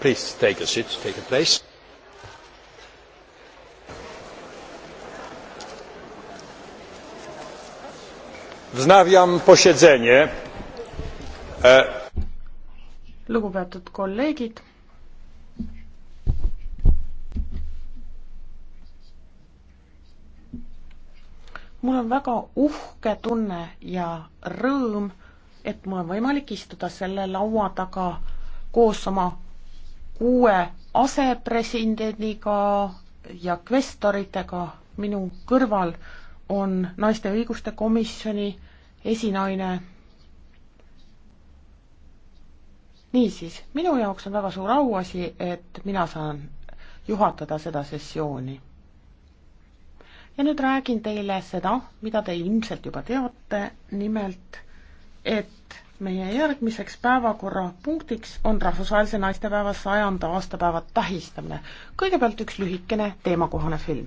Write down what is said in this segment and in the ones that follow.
Please take a seat, take a place. Wznawiam posiedzenie. E, Lugupeetud kolleegid. mul on väga uhke tunne ja rõõm, et mul on võimalik istuda selle laua taga koos oma kuue asepresidendiga ja kvestoritega minu kõrval on naiste õiguste komisjoni esinaine. niisiis, minu jaoks on väga suur auasi, et mina saan juhatada seda sessiooni. ja nüüd räägin teile seda, mida te ilmselt juba teate, nimelt et meie järgmiseks päevakorrapunktiks on rahvusvahelise naistepäeva sajanda aastapäeva tähistamine. kõigepealt üks lühikene teemakohane film.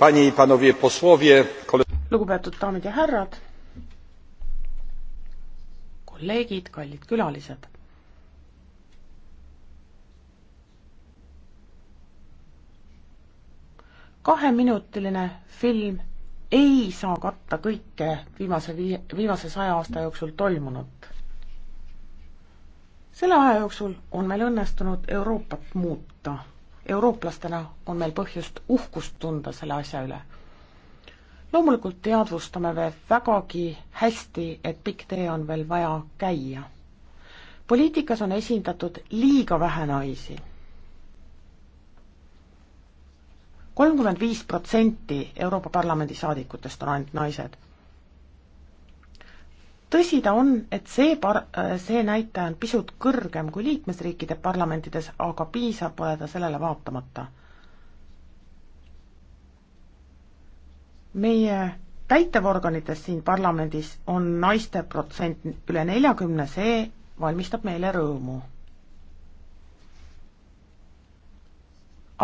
panie i panowie posłowie lugupeetud daamid ja härrad kolleegid kallid külalised kaheminutiline film ei saa katta kõike viimase vii-, viimase saja aasta jooksul toimunut. selle aja jooksul on meil õnnestunud Euroopat muuta eurooplastena on meil põhjust uhkust tunda selle asja üle. loomulikult teadvustame me vägagi hästi, et pikk tee on veel vaja käia. poliitikas on esindatud liiga vähe naisi. kolmkümmend viis protsenti Euroopa Parlamendi saadikutest on ainult naised tõsi ta on, et see par-, see näitaja on pisut kõrgem kui liikmesriikide parlamentides, aga piisav pole ta sellele vaatamata. meie täitevorganites siin parlamendis on naiste protsent üle neljakümne, see valmistab meile rõõmu.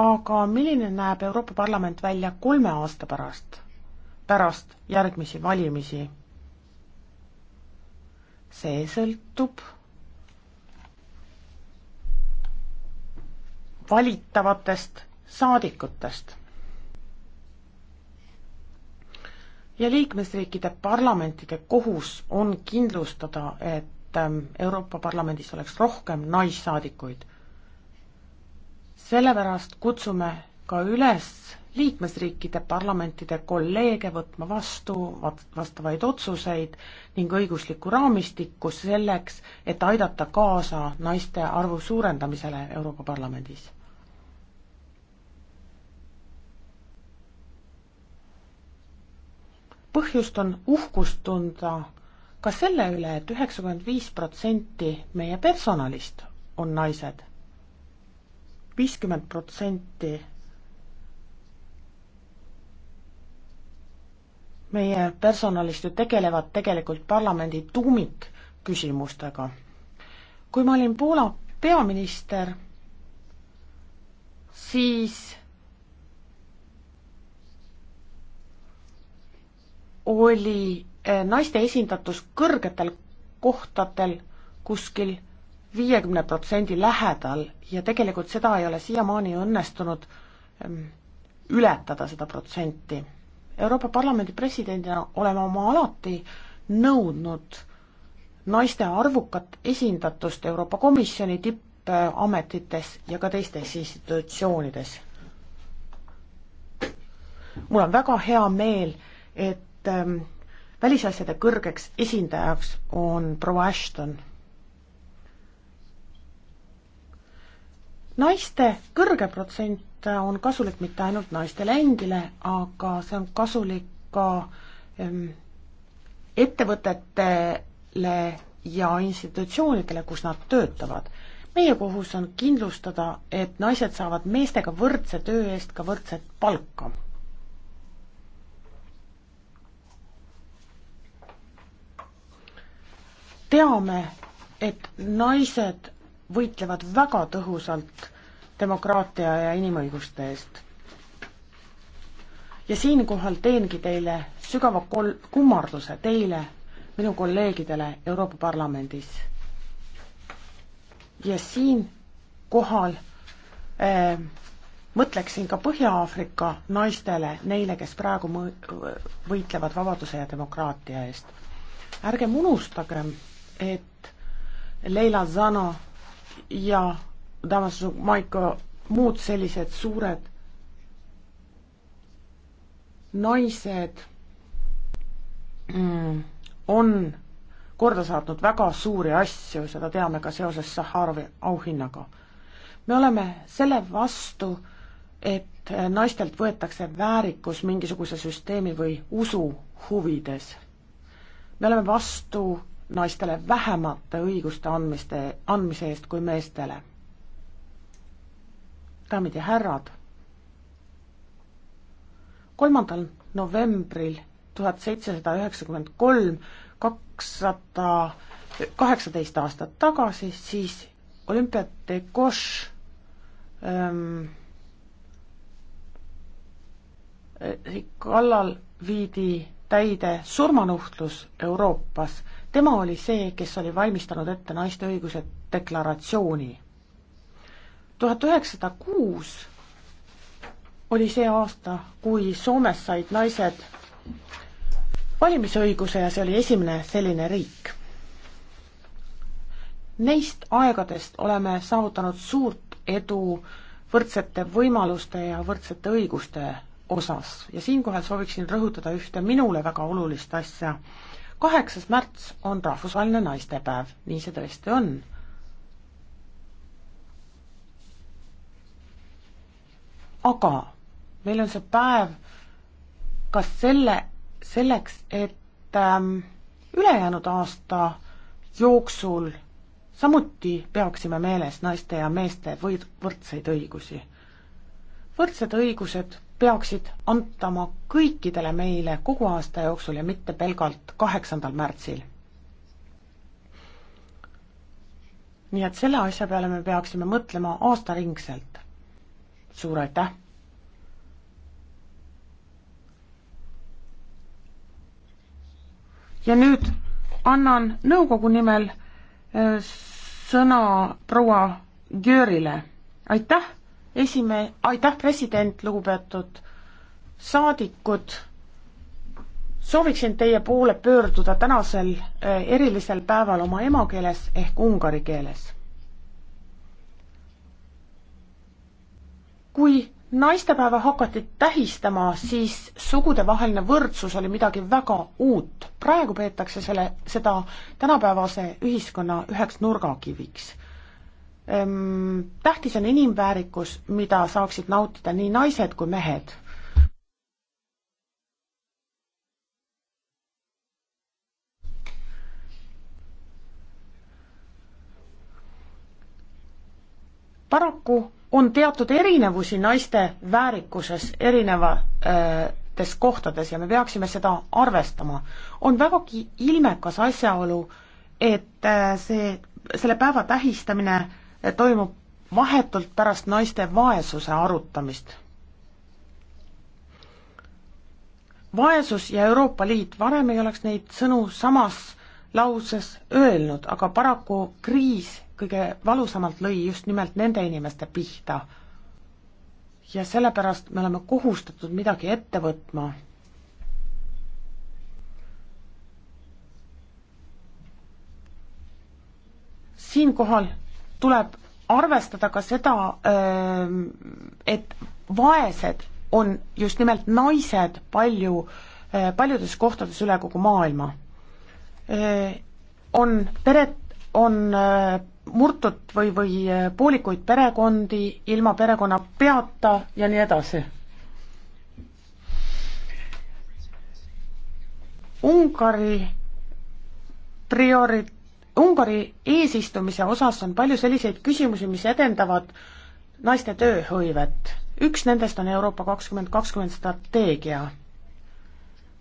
aga milline näeb Euroopa Parlament välja kolme aasta pärast, pärast järgmisi valimisi? see sõltub valitavatest saadikutest. ja liikmesriikide parlamentide kohus on kindlustada, et ähm, Euroopa Parlamendis oleks rohkem naissaadikuid. sellepärast kutsume ka üles liikmesriikide parlamentide kolleege võtma vastu vastavaid otsuseid ning õiguslikku raamistikku selleks, et aidata kaasa naiste arvu suurendamisele Euroopa Parlamendis. põhjust on uhkust tunda ka selle üle et, et üheksakümmend viis protsenti meie personalist on naised, viiskümmend protsenti meie personalist ju tegelevad tegelikult parlamendi tuumikküsimustega. kui ma olin Poola peaminister, siis oli eh, naiste esindatus kõrgetel kohtadel kuskil viiekümne protsendi lähedal ja tegelikult seda ei ole siiamaani õnnestunud ehm, ületada, seda protsenti Euroopa Parlamendi presidendina olema ma alati nõudnud naiste arvukat esindatust Euroopa Komisjoni tippametites ja ka teistes institutsioonides. mul on väga hea meel, et ähm, välisasjade kõrgeks esindajaks on proua Ashton. naiste kõrge protsent Äh, on kasulik mitte ainult naistele endile, aga see on kasulik ka ähm, ettevõtetele ja institutsioonidele, kus nad töötavad. meie kohus on kindlustada, et naised saavad meestega võrdse töö eest ka võrdset palka. teame, et naised võitlevad väga tõhusalt demokraatia ja inimõiguste eest. ja siinkohal teengi teile sügava kol-, kummarduse teile, minu kolleegidele Euroopa Parlamendis. ja siinkohal äh, mõtleksin ka Põhja-Aafrika naistele, neile, kes praegu mõ-, võitlevad vabaduse ja demokraatia eest. ärgem unustagem, et Leila Zana ja Damas Maiko, muud sellised suured naised mm, on korda saatnud väga suuri asju, seda teame ka seoses Sahharovi auhinnaga. me oleme selle vastu, et naistelt võetakse väärikus mingisuguse süsteemi või usu huvides. me oleme vastu naistele vähemate õiguste andmiste, andmise eest kui meestele daamid ja härrad, kolmandal novembril tuhat seitsesada üheksakümmend kolm, kakssada kaheksateist aastat tagasi, siis olümpiate koš ähm, äh, kallal viidi täide surmanuhtlus Euroopas. tema oli see, kes oli valmistanud ette naiste õiguse deklaratsiooni tuhat üheksasada kuus oli see aasta, kui Soomes said naised valimisõiguse ja see oli esimene selline riik. Neist aegadest oleme saavutanud suurt edu võrdsete võimaluste ja võrdsete õiguste osas ja siinkohal sooviksin rõhutada ühte minule väga olulist asja. kaheksas märts on rahvusvaheline naistepäev, nii see tõesti on aga meil on see päev ka selle, selleks, et ähm, ülejäänud aasta jooksul samuti peaksime meeles naiste ja meeste või-, võrdseid õigusi. võrdsed õigused peaksid antama kõikidele meile kogu aasta jooksul ja mitte pelgalt kaheksandal märtsil. nii et selle asja peale me peaksime mõtlema aastaringselt suur aitäh! ja nüüd annan nõukogu nimel äh, sõna proua Görile. aitäh, esime-, aitäh, president, lugupeetud saadikud, sooviksin teie poole pöörduda tänasel äh, erilisel päeval oma emakeeles ehk ungari keeles kui naistepäeva hakati tähistama, siis sugudevaheline võrdsus oli midagi väga uut. praegu peetakse selle, seda tänapäevase ühiskonna üheks nurgakiviks. Ehm, tähtis on inimväärikus, mida saaksid nautida nii naised kui mehed. paraku on teatud erinevusi naiste väärikuses erinevates kohtades ja me peaksime seda arvestama. on vägagi ilmekas asjaolu, et äh, see, selle päeva tähistamine äh, toimub vahetult pärast naiste vaesuse arutamist. vaesus ja Euroopa Liit, varem ei oleks neid sõnu samas lauses öelnud, aga paraku kriis kõige valusamalt lõi just nimelt nende inimeste pihta. ja sellepärast me oleme kohustatud midagi ette võtma. siinkohal tuleb arvestada ka seda, ähm, et vaesed on just nimelt naised palju, äh, paljudes kohtades üle kogu maailma Äh, on peret, on äh, murtud või, või äh, poolikuid perekondi ilma perekonna peata ja nii edasi. Ungari priori-, Ungari eesistumise osas on palju selliseid küsimusi, mis edendavad naiste tööhõivet. üks nendest on Euroopa kakskümmend kakskümmend strateegia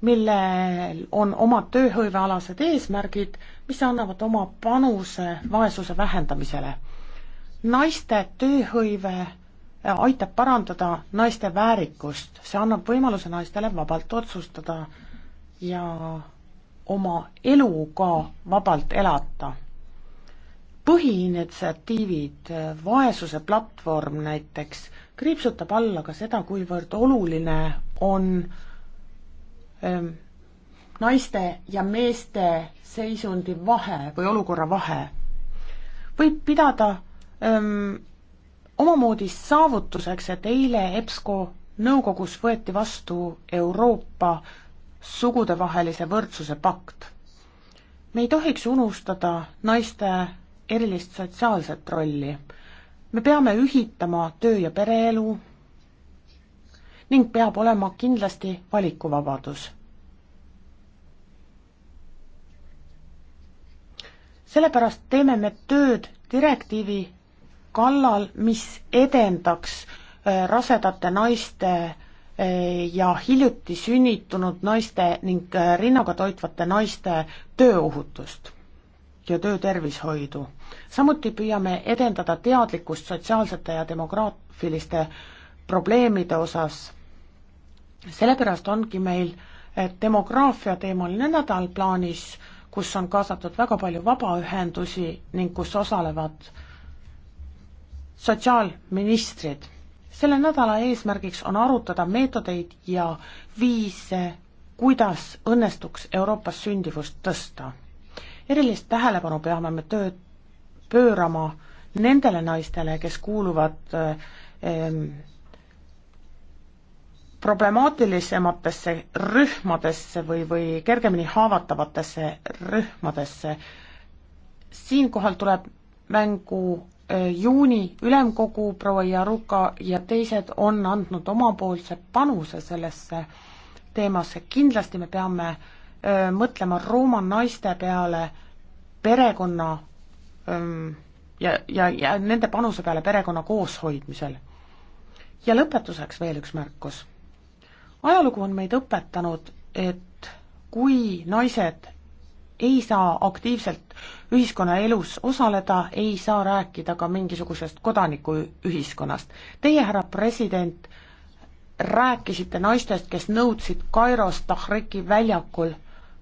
millel on omad tööhõivealased eesmärgid, mis annavad oma panuse vaesuse vähendamisele. naiste tööhõive äh, aitab parandada naiste väärikust, see annab võimaluse naistele vabalt otsustada ja oma elu ka vabalt elata. põhiinitsiatiivid, äh, vaesuse platvorm näiteks, kriipsutab alla ka seda, kuivõrd oluline on äh, Ähm, naiste ja meeste seisundi vahe või olukorra vahe võib pidada öö, ähm, omamoodi saavutuseks, et eile EBSCO nõukogus võeti vastu Euroopa sugudevahelise võrdsuse pakt. me ei tohiks unustada naiste erilist sotsiaalset rolli. me peame ühitama töö- ja pereelu, ning peab olema kindlasti valikuvabadus. sellepärast teeme me tööd direktiivi kallal, mis edendaks äh, rasedate naiste äh, ja hiljuti sünnitunud naiste ning äh, rinnaga toitvate naiste tööohutust ja töötervishoidu. samuti püüame edendada teadlikkust sotsiaalsete ja demograafiliste probleemide osas sellepärast ongi meil demograafia teemaline nädal plaanis, kus on kaasatud väga palju vabaühendusi ning kus osalevad sotsiaalministrid. selle nädala eesmärgiks on arutada meetodeid ja viise, kuidas õnnestuks Euroopas sündivust tõsta. erilist tähelepanu peame me töö, pöörama nendele naistele, kes kuuluvad äh, problemaatilisematesse rühmadesse või, või kergemini haavatavatesse rühmadesse. siinkohal tuleb mängu äh, juuni ülemkogu proua Jaruka ja teised on andnud omapoolse panuse sellesse teemasse, kindlasti me peame öö, äh, mõtlema Rooma naiste peale, perekonna öö, ähm, ja, ja, ja nende panuse peale perekonna kooshoidmisel. ja lõpetuseks veel üks märkus ajalugu on meid õpetanud, et kui naised ei saa aktiivselt ühiskonnaelus osaleda, ei saa rääkida ka mingisugusest kodanikuühiskonnast. Teie, härra president, rääkisite naistest, kes nõudsid Kairos Tahriki väljakul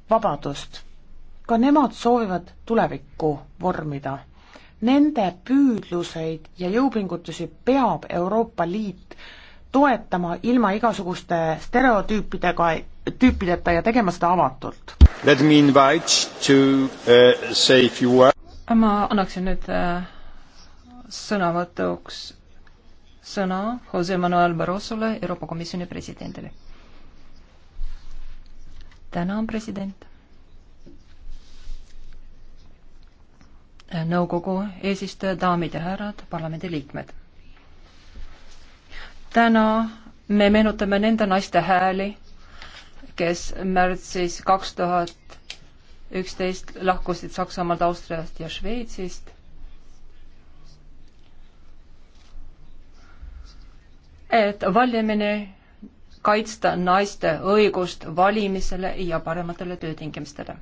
vabadust. ka nemad soovivad tulevikku vormida. Nende püüdluseid ja jõupingutusi peab Euroopa Liit toetama ilma igasuguste stereotüüpidega, tüüpideta ja tegema seda avatult. Uh, ma annaksin nüüd uh, sõnavõtuks sõna Jose Manuel Barrosole, Euroopa Komisjoni presidendile. tänan, president. nõukogu eesistuja, daamid ja härrad, parlamendiliikmed täna me meenutame nende naiste hääli, kes märtsis kaks tuhat üksteist lahkusid Saksamaalt, Austriast ja Šveitsist. et valimine kaitsta naiste õigust valimisele ja parematele töötingimustele.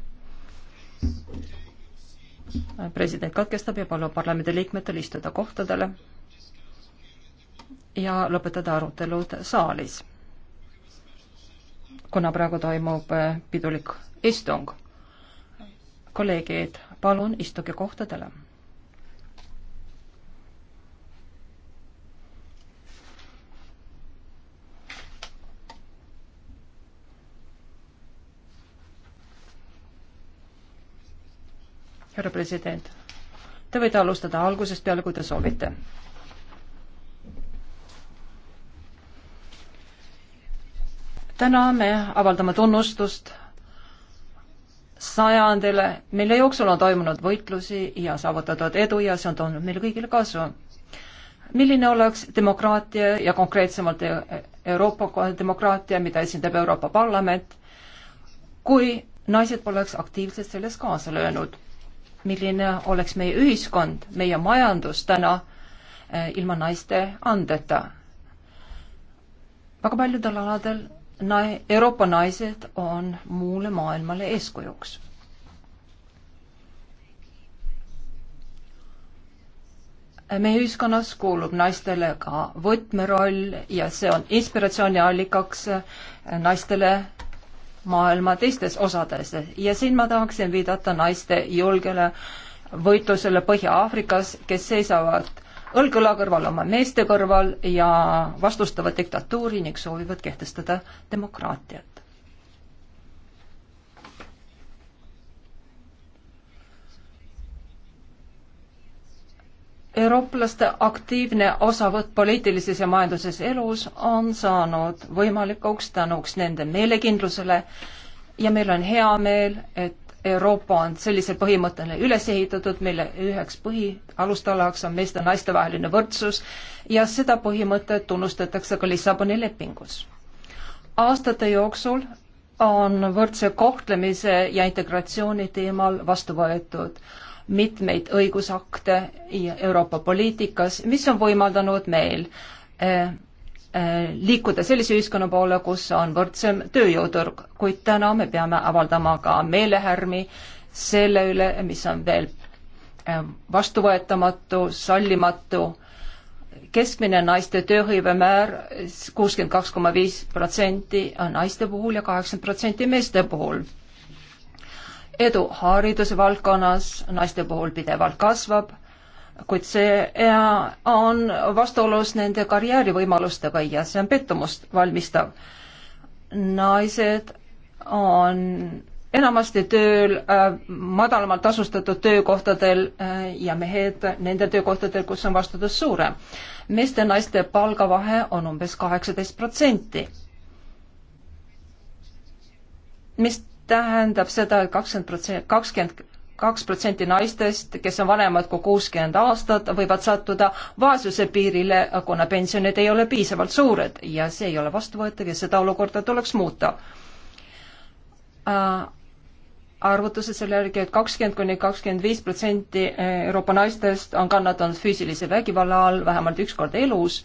president katkestab ja palub parlamendiliikmetel istuda kohtadele ja lõpetada arutelud saalis, kuna praegu toimub äh, pidulik istung. kolleegid, palun istuge kohtadele. härra president, te võite alustada algusest peale, kui te soovite täna me avaldame tunnustust sajandile, mille jooksul on toimunud võitlusi ja saavutatud edu ja see on toonud meile kõigile kasu. milline oleks demokraatia ja konkreetsemalt Euroopa demokraatia, mida esindab Euroopa Parlament, kui naised poleks aktiivselt selles kaasa löönud? milline oleks meie ühiskond, meie majandus täna eh, ilma naiste andeta? väga paljudel aladel nai-, Euroopa naised on muule maailmale eeskujuks. meie ühiskonnas kuulub naistele ka võtmeroll ja see on inspiratsiooniallikaks eh, naistele maailma teistes osades ja siin ma tahaksin viidata naiste julgele võitlusele Põhja-Aafrikas, kes seisavad õlg õla kõrval oma meeste kõrval ja vastustavad diktatuuri ning soovivad kehtestada demokraatiat. eurooplaste aktiivne osavõtt poliitilises ja majanduses elus on saanud võimalikuks tänuks nende meelekindlusele ja meil on hea meel, et Euroopa on sellisel põhimõttel üles ehitatud, mille üheks põhialustalaks on meeste ja naiste vaheline võrdsus ja seda põhimõtet tunnustatakse ka Lissaboni lepingus. aastate jooksul on võrdse kohtlemise ja integratsiooni teemal vastu võetud mitmeid õigusakte Euroopa poliitikas, mis on võimaldanud meil eh, Äh, liikuda sellise ühiskonna poole, kus on võrdsem tööjõuturg, kuid täna me peame avaldama ka meelehärmi selle üle, mis on veel äh, vastuvõetamatu, sallimatu. keskmine naiste tööhõive määr kuuskümmend kaks koma viis protsenti on naiste puhul ja kaheksakümmend protsenti meeste puhul. edu hariduse valdkonnas naiste puhul pidevalt kasvab kuid see on vastuolus nende karjäärivõimalustega ja see on pettumust valmistav. naised on enamasti tööl äh, madalamalt tasustatud töökohtadel äh, ja mehed nendel töökohtadel, kus on vastutus suurem. meeste ja naiste palgavahe on umbes kaheksateist protsenti. mis tähendab seda et, et kakskümmend protsenti, kakskümmend kaks protsenti naistest, kes on vanemad kui kuuskümmend aastat, võivad sattuda vaesuse piirile, kuna pensionid ei ole piisavalt suured ja see ei ole vastuvõetav ja seda olukorda tuleks muuta äh, arvutused selle järgi, et kakskümmend kuni kakskümmend viis protsenti Euroopa naistest on kannatanud füüsilise vägivalla all vähemalt üks kord elus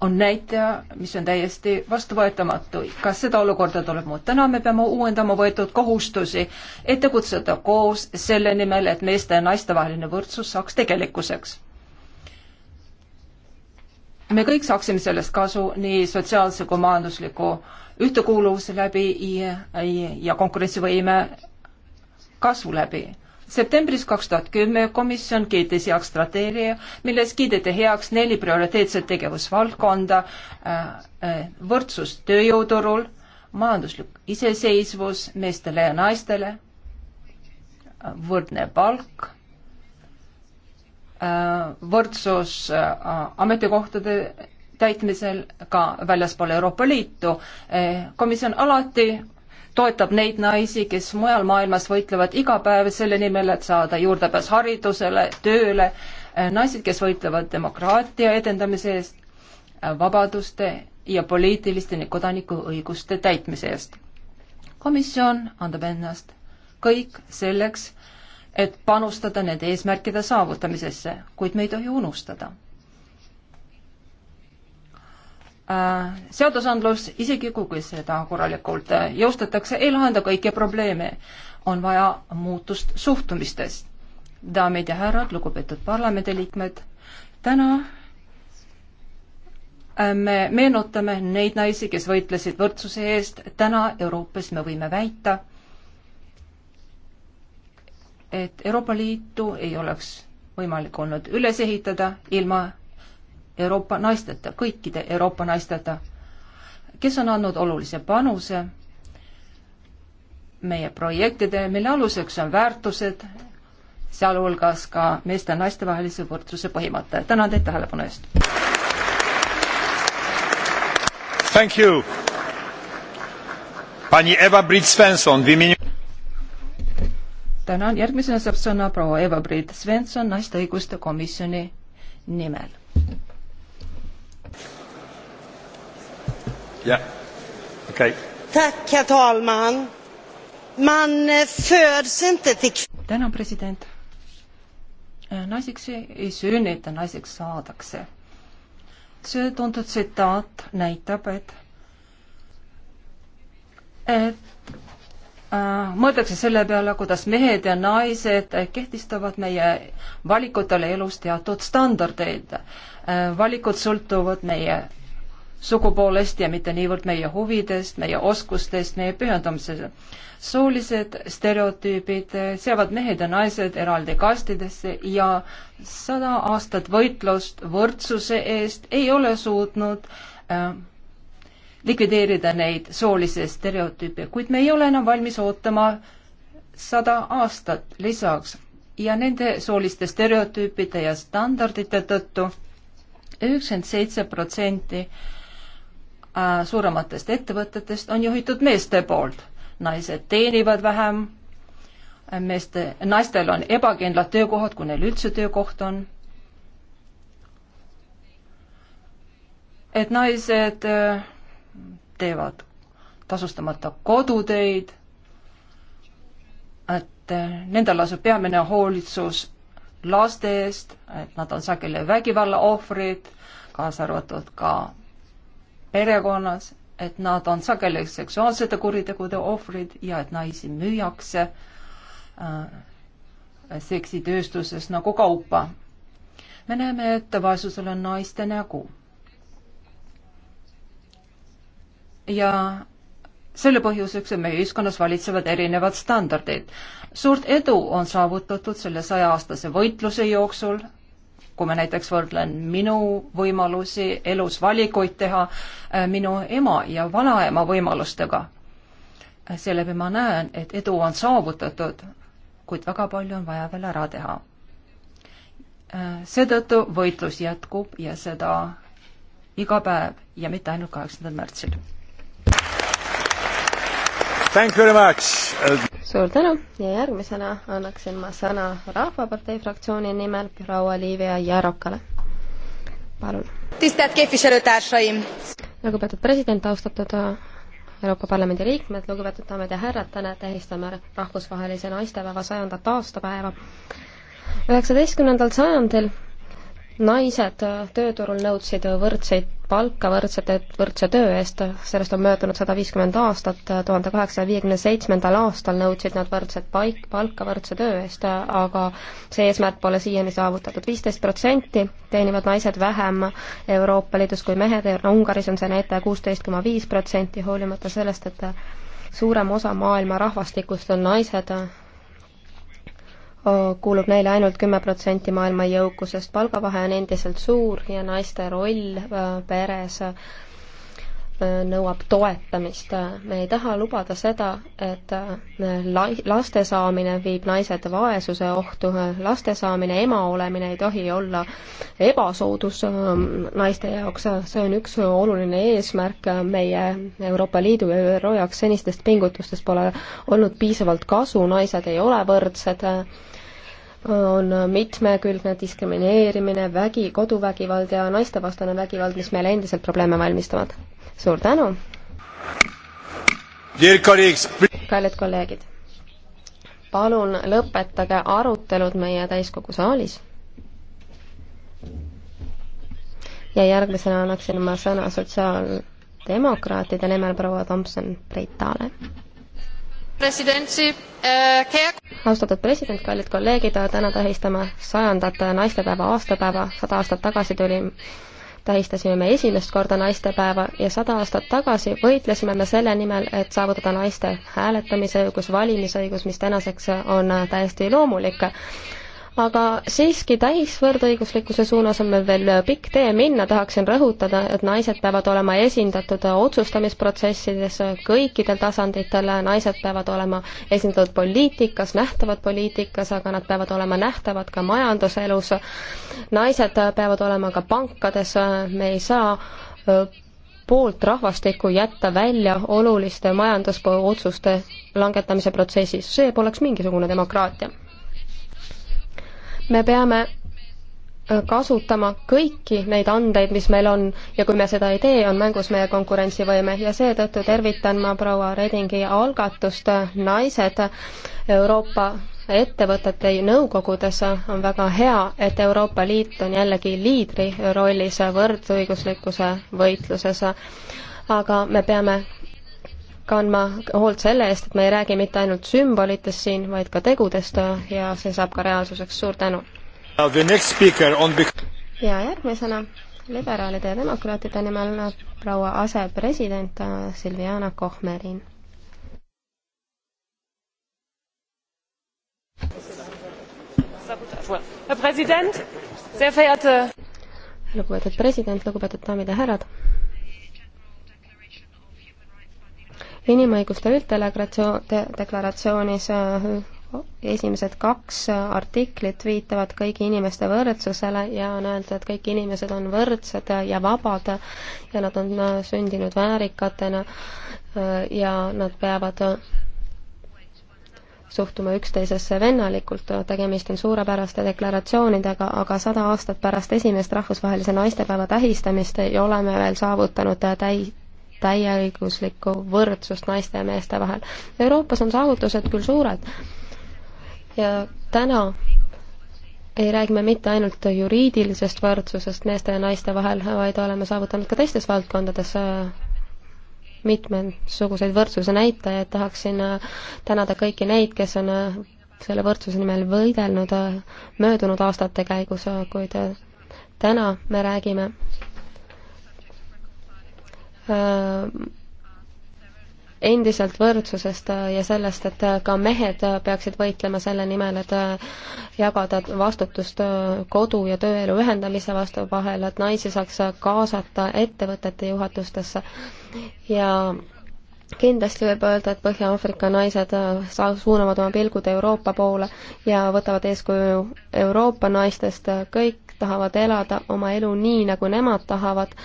on näitaja, mis on täiesti vastuvõetamatu. kas seda olukorda tuleb muuta? täna me peame uuendama võetud kohustusi, ette kutsuda koos selle nimel, et meeste ja naiste vaheline võrdsus saaks tegelikkuseks. me kõik saaksime sellest kasu nii sotsiaalse kui majandusliku ühtekuuluvuse läbi ja, ja konkurentsivõime kasvu läbi septembris kaks tuhat kümme komisjon kiitis heaks strateegia, milles kiideti heaks neli prioriteetset tegevusvaldkonda, äh, äh, võrdsus tööjõuturul, majanduslik iseseisvus meestele ja naistele, võrdne palk, äh, võrdsus ametikohtade täitmisel ka väljaspool Euroopa Liitu. komisjon alati toetab neid naisi, kes mujal maailmas võitlevad iga päev selle nimel, et saada juurdepääs haridusele, tööle, äh, naised, kes võitlevad demokraatia edendamise eest, äh, vabaduste ja poliitiliste ning kodanikuõiguste täitmise eest. komisjon andab ennast kõik selleks, et panustada nende eesmärkide saavutamisesse, kuid me ei tohi unustada Äh, seadusandlus, isegi kui seda korralikult äh, jõustatakse, ei lahenda kõiki probleeme. on vaja muutust suhtumistest. daamid ja härrad, lugupeetud parlamendiliikmed, täna äh, me meenutame neid naisi, kes võitlesid võrdsuse eest, täna Euroopas me võime väita, et Euroopa Liitu ei oleks võimalik olnud üles ehitada ilma Euroopa naisteta, kõikide Euroopa naisteta, kes on andnud olulise panuse meie projektide, mille aluseks on väärtused, sealhulgas ka meeste ja naiste vahelise võrdsuse põhimõte. tänan teid tähelepanu eest! Thank you! pani Eva-Britt Svensson w imieniu tänan, järgmisena saab sõna proua Eva-Britt Svensson naiste õiguste komisjoni nimel. Yeah. Okay. Tack, herr talman. Man eh, föds inte till... tänan, president. Eh, naiseks ei sünnita, naiseks saadakse. see tuntud tsitaat näitab, et, et äh, mõeldakse selle peale, kuidas mehed ja naised kehtestavad meie valikutele elus teatud standardeid äh,. valikud sõltuvad meie sugupoolest ja mitte niivõrd meie huvidest, meie oskustest, meie pühendumisest. soolised stereotüübid seavad mehed ja naised eraldi kastidesse ja sada aastat võitlust võrdsuse eest ei ole suutnud äh, likvideerida neid soolisi stereotüüpe, kuid me ei ole enam valmis ootama sada aastat lisaks ja nende sooliste stereotüüpide ja standardite tõttu üheksakümmend seitse protsenti Äh, suurematest ettevõtetest on juhitud meeste poolt. naised teenivad vähem, meeste, naistel on ebakindlad töökohad, kui neil üldse töökoht on. et naised äh, teevad tasustamata kodutöid, et äh, nendel lasub peamine hoolitsus laste eest, et nad on sageli vägivalla ohvrid, kaasa arvatud ka perekonnas, et nad on sageli seksuaalsete kuritegude ohvrid ja et naisi müüakse äh, seksitööstuses nagu kaupa. me näeme, et vaesusel on naiste nägu. ja selle põhjuseks on meie ühiskonnas valitsevad erinevad standardid. suurt edu on saavutatud selle sajaaastase võitluse jooksul kui ma näiteks võrdlen minu võimalusi elus valikuid teha äh, minu ema ja vanaema võimalustega. Äh, seeläbi ma näen, et edu on saavutatud, kuid väga palju on vaja veel ära teha. Äh, seetõttu võitlus jätkub ja seda iga päev ja mitte ainult kaheksandal märtsil suur tänu ja järgmisena annaksin ma sõna Rahvapartei fraktsiooni nimel proua Liivia Järokale. palun. lugupeetud president, austatud äh, Euroopa Parlamendi liikmed, lugupeetud daamid ja härrad, täna tähistame rahvusvahelise naistepäeva sajandat aastapäeva. üheksateistkümnendal sajandil naised äh, tööturul nõudsid võrdseid palka võrdsete, võrdse töö eest, sellest on möödunud sada viiskümmend aastat, tuhande kaheksasaja viiekümne seitsmendal aastal nõudsid nad võrdset paik, palka võrdse töö eest, aga see eesmärk pole siiani saavutatud. viisteist protsenti teenivad naised vähem Euroopa Liidus kui mehed, Ungaris on see näitaja kuusteist koma viis protsenti, hoolimata sellest, et suurem osa maailma rahvastikust on naised, kuulub neile ainult kümme protsenti maailma jõukusest. palgavahe on endiselt suur ja naiste roll äh, peres nõuab toetamist. me ei taha lubada seda, et laste saamine viib naised vaesuse ohtu, laste saamine, ema olemine ei tohi olla ebasoodus ähm, naiste jaoks, see on üks oluline eesmärk meie Euroopa Liidu ja ÜRO jaoks senistest pingutustest pole olnud piisavalt kasu, naised ei ole võrdsed, on mitmekülgne diskrimineerimine, vägi, koduvägivald ja naistevastane vägivald, mis meile endiselt probleeme valmistavad suur tänu! kallid kolleegid, palun lõpetage arutelud meie täiskogu saalis. ja järgmisena annaksin ma sõna sotsiaaldemokraatide nimel proua Tomson-Breitale. Äh, austatud president, kallid kolleegid, täna tähistame sajandat naistepäeva aastapäeva, sada aastat tagasi tuli tähistasime me esimest korda naistepäeva ja sada aastat tagasi võitlesime me selle nimel, et saavutada naiste hääletamise õigus, valimisõigus, mis tänaseks on äh, täiesti loomulik aga siiski täisvõrdõiguslikkuse suunas on meil veel pikk tee minna, tahaksin rõhutada, et naised peavad olema esindatud otsustamisprotsessides kõikidel tasanditel, naised peavad olema esindatud poliitikas, nähtavad poliitikas, aga nad peavad olema nähtavad ka majanduselus, naised peavad olema ka pankades, me ei saa poolt rahvastikku jätta välja oluliste majandusotsuste langetamise protsessis, see poleks mingisugune demokraatia me peame äh, kasutama kõiki neid andeid, mis meil on ja kui me seda ei tee, on mängus meie konkurentsivõime ja seetõttu tervitan ma proua Redingi algatust Naised Euroopa ettevõtete nõukogudes on väga hea, et Euroopa Liit on jällegi liidri rollis võrdõiguslikkuse võitluses, aga me peame kandma hoolt selle eest, et me ei räägi mitte ainult sümbolitest siin, vaid ka tegudest ja see saab ka reaalsuseks, suur tänu! ja järgmisena liberaalide ja demokraatide nimel proua asepresident äh, Silviana Kohmerin. lugupeetud president, lugupeetud daamid ja härrad! inimõiguste ülddeklaratsioonis äh, esimesed kaks artiklit viitavad kõigi inimeste võrdsusele ja on öeldud, et kõik inimesed on võrdsed ja vabad ja nad on äh, sündinud väärikatena äh, ja nad peavad suhtuma üksteisesse vennalikult, tegemist on suurepäraste deklaratsioonidega, aga sada aastat pärast esimest rahvusvahelise naistepäeva tähistamist ei ole me veel saavutanud täi-, täieõiguslikku võrdsust naiste ja meeste vahel. Euroopas on saavutused küll suured ja täna ei räägi me mitte ainult juriidilisest võrdsusest meeste ja naiste vahel, vaid oleme saavutanud ka teistes valdkondades äh, mitmesuguseid võrdsuse näitajaid, tahaksin äh, tänada kõiki neid, kes on äh, selle võrdsuse nimel võidelnud möödunud aastate käigus, kuid täna me räägime Äh, endiselt võrdsusest äh, ja sellest, et äh, ka mehed peaksid võitlema selle nimel, et jagada vastutust kodu- ja tööelu ühendamise vastu vahel, et naisi saaks kaasata ettevõtete juhatustesse ja kindlasti võib öelda, et Põhja-Aafrika naised suunavad oma pilgud Euroopa poole ja võtavad eeskuju Euroopa naistest, kõik tahavad elada oma elu nii, nagu nemad tahavad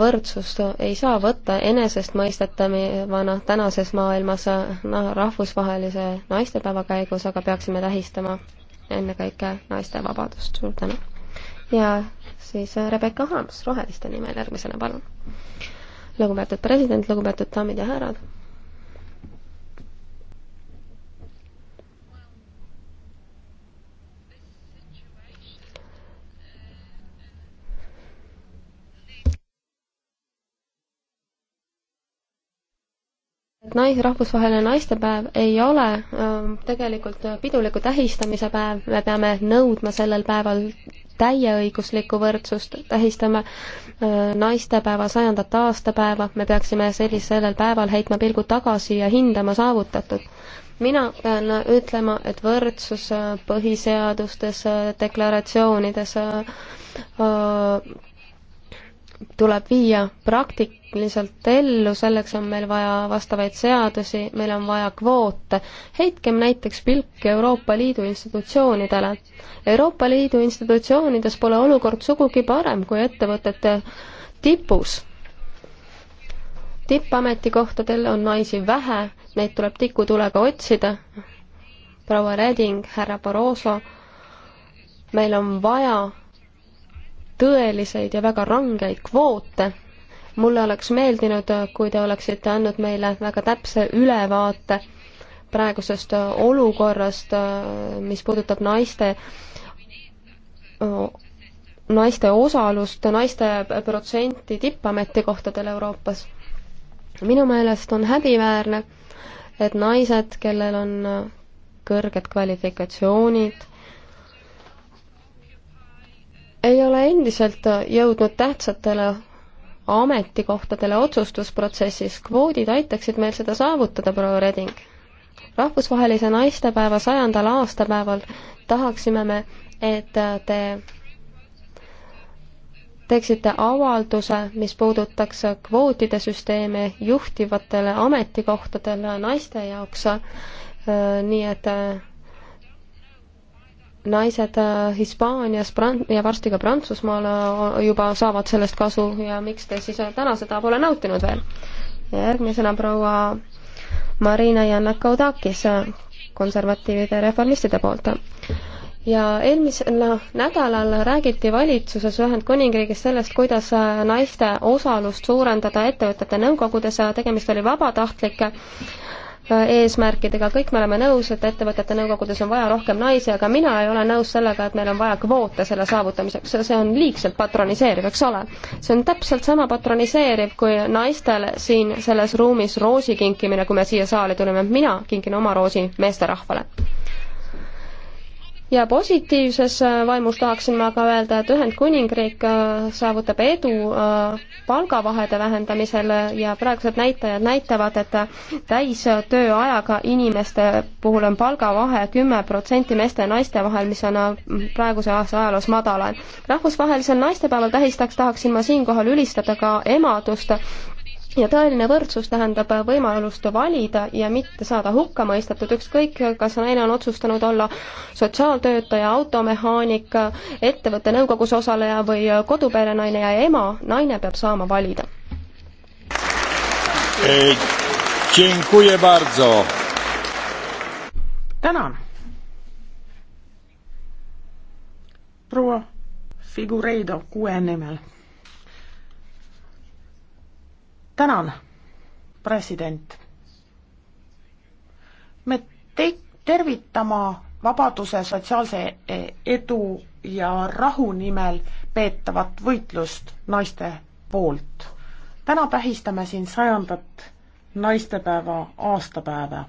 võrdsust ei saa võtta enesestmõistetavana tänases maailmas no, rahvusvahelise naistepäeva käigus, aga peaksime tähistama ennekõike naiste vabadust. suur tänu! ja siis Rebecca Harms Roheliste nimel järgmisena, palun! lugupeetud president, lugupeetud daamid ja härrad! et nais-, rahvusvaheline naistepäev ei ole ähm, tegelikult piduliku tähistamise päev, me peame nõudma sellel päeval täieõiguslikku võrdsust, tähistame äh, naistepäeva sajandat aastapäeva, me peaksime sellisel päeval heitma pilgu tagasi ja hindama saavutatut. mina pean ütlema, et võrdsus äh, põhiseadustes, äh, deklaratsioonides öö, tuleb viia praktiliselt ellu, selleks on meil vaja vastavaid seadusi, meil on vaja kvoote. heitkem näiteks pilk Euroopa Liidu institutsioonidele. Euroopa Liidu institutsioonides pole olukord sugugi parem kui ettevõtete tipus. tippametikohtadel on naisi vähe, neid tuleb tikutulega otsida, proua Reding, härra Barroso, meil on vaja tõeliseid ja väga rangeid kvoote. mulle oleks meeldinud, kui te oleksite andnud meile väga täpse ülevaate praegusest olukorrast, mis puudutab naiste naiste osalust, naiste protsenti tippametikohtadel Euroopas. minu meelest on häbiväärne, et naised, kellel on kõrged kvalifikatsioonid, ei ole endiselt jõudnud tähtsatele ametikohtadele otsustusprotsessis, kvoodid aitaksid meil seda saavutada, proua Reding. rahvusvahelise naistepäeva sajandal aastapäeval tahaksime me, et te teeksite avalduse, mis puudutaks kvootide süsteemi juhtivatele ametikohtadele naiste jaoks, nii et naised äh, Hispaanias Prant- ja varsti ka Prantsusmaal äh, juba saavad sellest kasu ja miks te siis äh, täna seda pole nautinud veel? ja järgmisena proua Marina Jannakaudakis konservatiivide reformistide poolt. ja eelmisel nädalal räägiti valitsuses Ühendkuningriigis sellest, kuidas naiste osalust suurendada ettevõtete nõukogudes, tegemist oli vabatahtlike Äh, eesmärkidega, kõik me oleme nõus, et ettevõtete nõukogudes on vaja rohkem naisi, aga mina ei ole nõus sellega, et meil on vaja kvoote selle saavutamiseks, see on liigselt patroniseeriv, eks ole. see on täpselt sama patroniseeriv kui naistele siin selles ruumis roosi kinkimine, kui me siia saali tulime, mina kingin oma roosi meesterahvale ja positiivses äh, vaimus tahaksin ma ka öelda, et Ühendkuningriik äh, saavutab edu äh, palgavahede vähendamisel ja praegused näitajad näitavad, et täistööajaga inimeste puhul on palgavahe kümme protsenti meeste ja naiste vahel, mis on praeguse aasta ajaloos madalaim. rahvusvahelisel naistepäeval tähistaks, tahaksin ma siinkohal ülistada ka emadust ja tõeline võrdsus tähendab võimalust valida ja mitte saada hukka mõistetud, ükskõik, kas naine on otsustanud olla sotsiaaltöötaja, automehaanik, ettevõtte nõukogus osaleja või koduperenaine ja ema, naine peab saama valida. tänan. proua Figureido kuue nimel tänan, president. me te-, tervitama vabaduse, sotsiaalse e, edu ja rahu nimel peetavat võitlust naiste poolt. täna tähistame siin sajandat naistepäeva aastapäeva.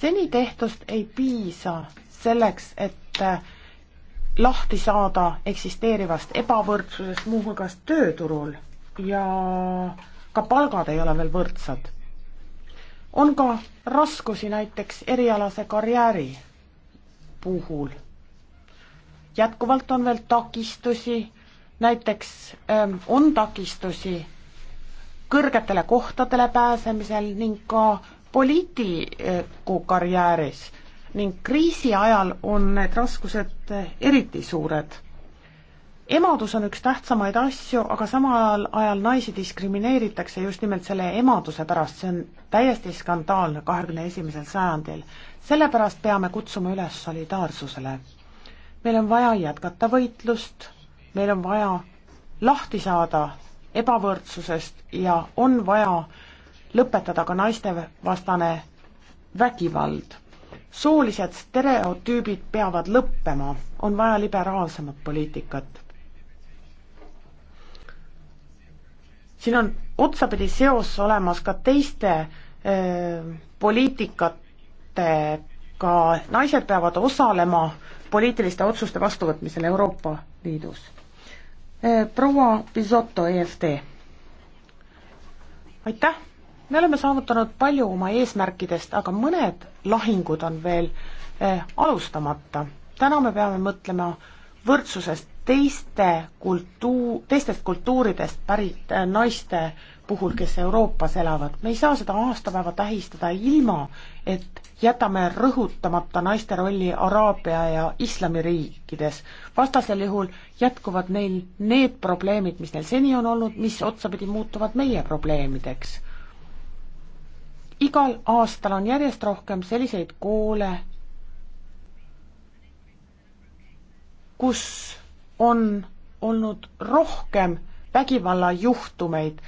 seni tehtust ei piisa selleks, et lahti saada eksisteerivast ebavõrdsusest muuhulgas tööturul ja ka palgad ei ole veel võrdsed. on ka raskusi näiteks erialase karjääri puhul. jätkuvalt on veel takistusi, näiteks ähm, on takistusi kõrgetele kohtadele pääsemisel ning ka poliitiku karjääris ning kriisi ajal on need raskused eriti suured. emadus on üks tähtsamaid asju, aga samal ajal naisi diskrimineeritakse just nimelt selle emaduse pärast, see on täiesti skandaalne kahekümne esimesel sajandil. sellepärast peame kutsuma üles solidaarsusele. meil on vaja jätkata võitlust, meil on vaja lahti saada ebavõrdsusest ja on vaja lõpetada ka naistevastane vägivald soolised stereotüübid peavad lõppema, on vaja liberaalsemat poliitikat. siin on otsapidi seos olemas ka teiste öö, äh, poliitikatega, naised peavad osalema poliitiliste otsuste vastuvõtmisel Euroopa Liidus. Äh, proua Pisotto, EFD. aitäh me oleme saavutanud palju oma eesmärkidest, aga mõned lahingud on veel eh, alustamata. täna me peame mõtlema võrdsusest teiste kultuu-, teistest kultuuridest pärit eh, naiste puhul, kes Euroopas elavad. me ei saa seda aastapäeva tähistada ilma, et jätame rõhutamata naiste rolli Araabia ja islamiriikides. vastasel juhul jätkuvad neil need probleemid, mis neil seni on olnud, mis otsapidi muutuvad meie probleemideks igal aastal on järjest rohkem selliseid koole, kus on olnud rohkem vägivallajuhtumeid,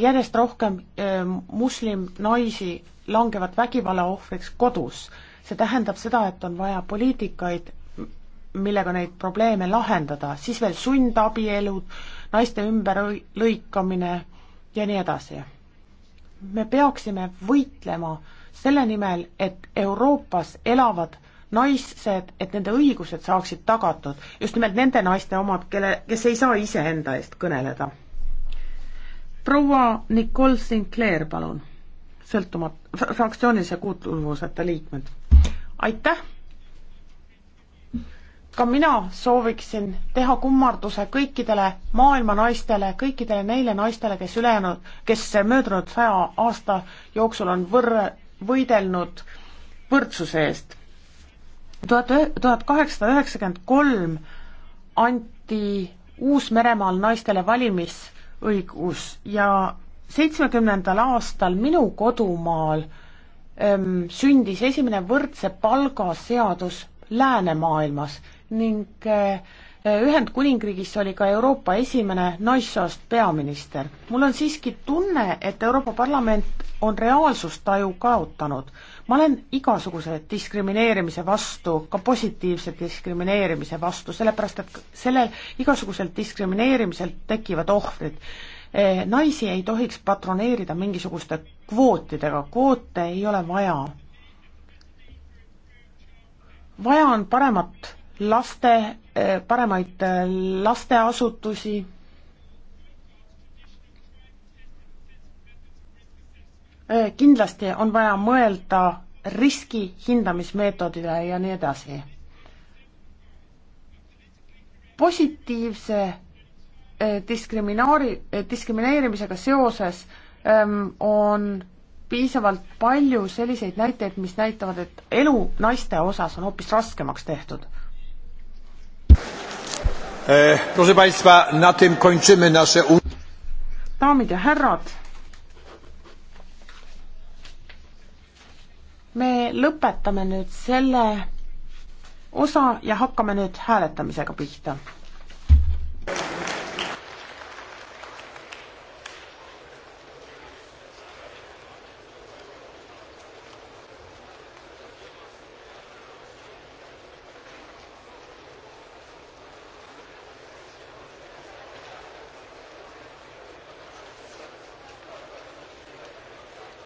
järjest rohkem eh, muslimnaisi langevad vägivalla ohvriks kodus. see tähendab seda, et on vaja poliitikaid, millega neid probleeme lahendada, siis veel sundabielud, naiste ümberlõikamine ja nii edasi me peaksime võitlema selle nimel, et Euroopas elavad naised, et nende õigused saaksid tagatud, just nimelt nende naiste omad, kelle, kes ei saa iseenda eest kõneleda. proua Nicole Sinclair, palun, sõltumat-, fraktsioonilise kuuluvuseta liikmed. aitäh ka mina sooviksin teha kummarduse kõikidele maailma naistele, kõikidele neile naistele, kes ülejäänud, kes möödunud saja aasta jooksul on võr-, võidelnud võrdsuse eest. tuhat ühe, tuhat kaheksasada üheksakümmend kolm anti Uus-Meremaal naistele valimisõigus ja seitsmekümnendal aastal minu kodumaal öm, ehm, sündis esimene võrdse palga seadus läänemaailmas ning äh, Ühendkuningriigis oli ka Euroopa esimene naissoost peaminister. mul on siiski tunne, et Euroopa Parlament on reaalsustaju kaotanud. ma olen igasuguse diskrimineerimise vastu, ka positiivse diskrimineerimise vastu, sellepärast et sellel igasugusel diskrimineerimisel tekivad ohvrid. Äh, naisi ei tohiks patroneerida mingisuguste kvootidega, kvoote ei ole vaja. vaja on paremat laste, eh, paremaid eh, lasteasutusi. Eh, kindlasti on vaja mõelda riski hindamismeetodile ja nii edasi. positiivse diskriminaari, diskrimineerimisega seoses ehm, on piisavalt palju selliseid näiteid, mis näitavad, et elu naiste osas on hoopis raskemaks tehtud E, proszę Państwa, na tym kończymy nasze... Daamid ja härrad, me lõpetame nüüd selle osa ja hakkame nüüd hääletamisega pihta.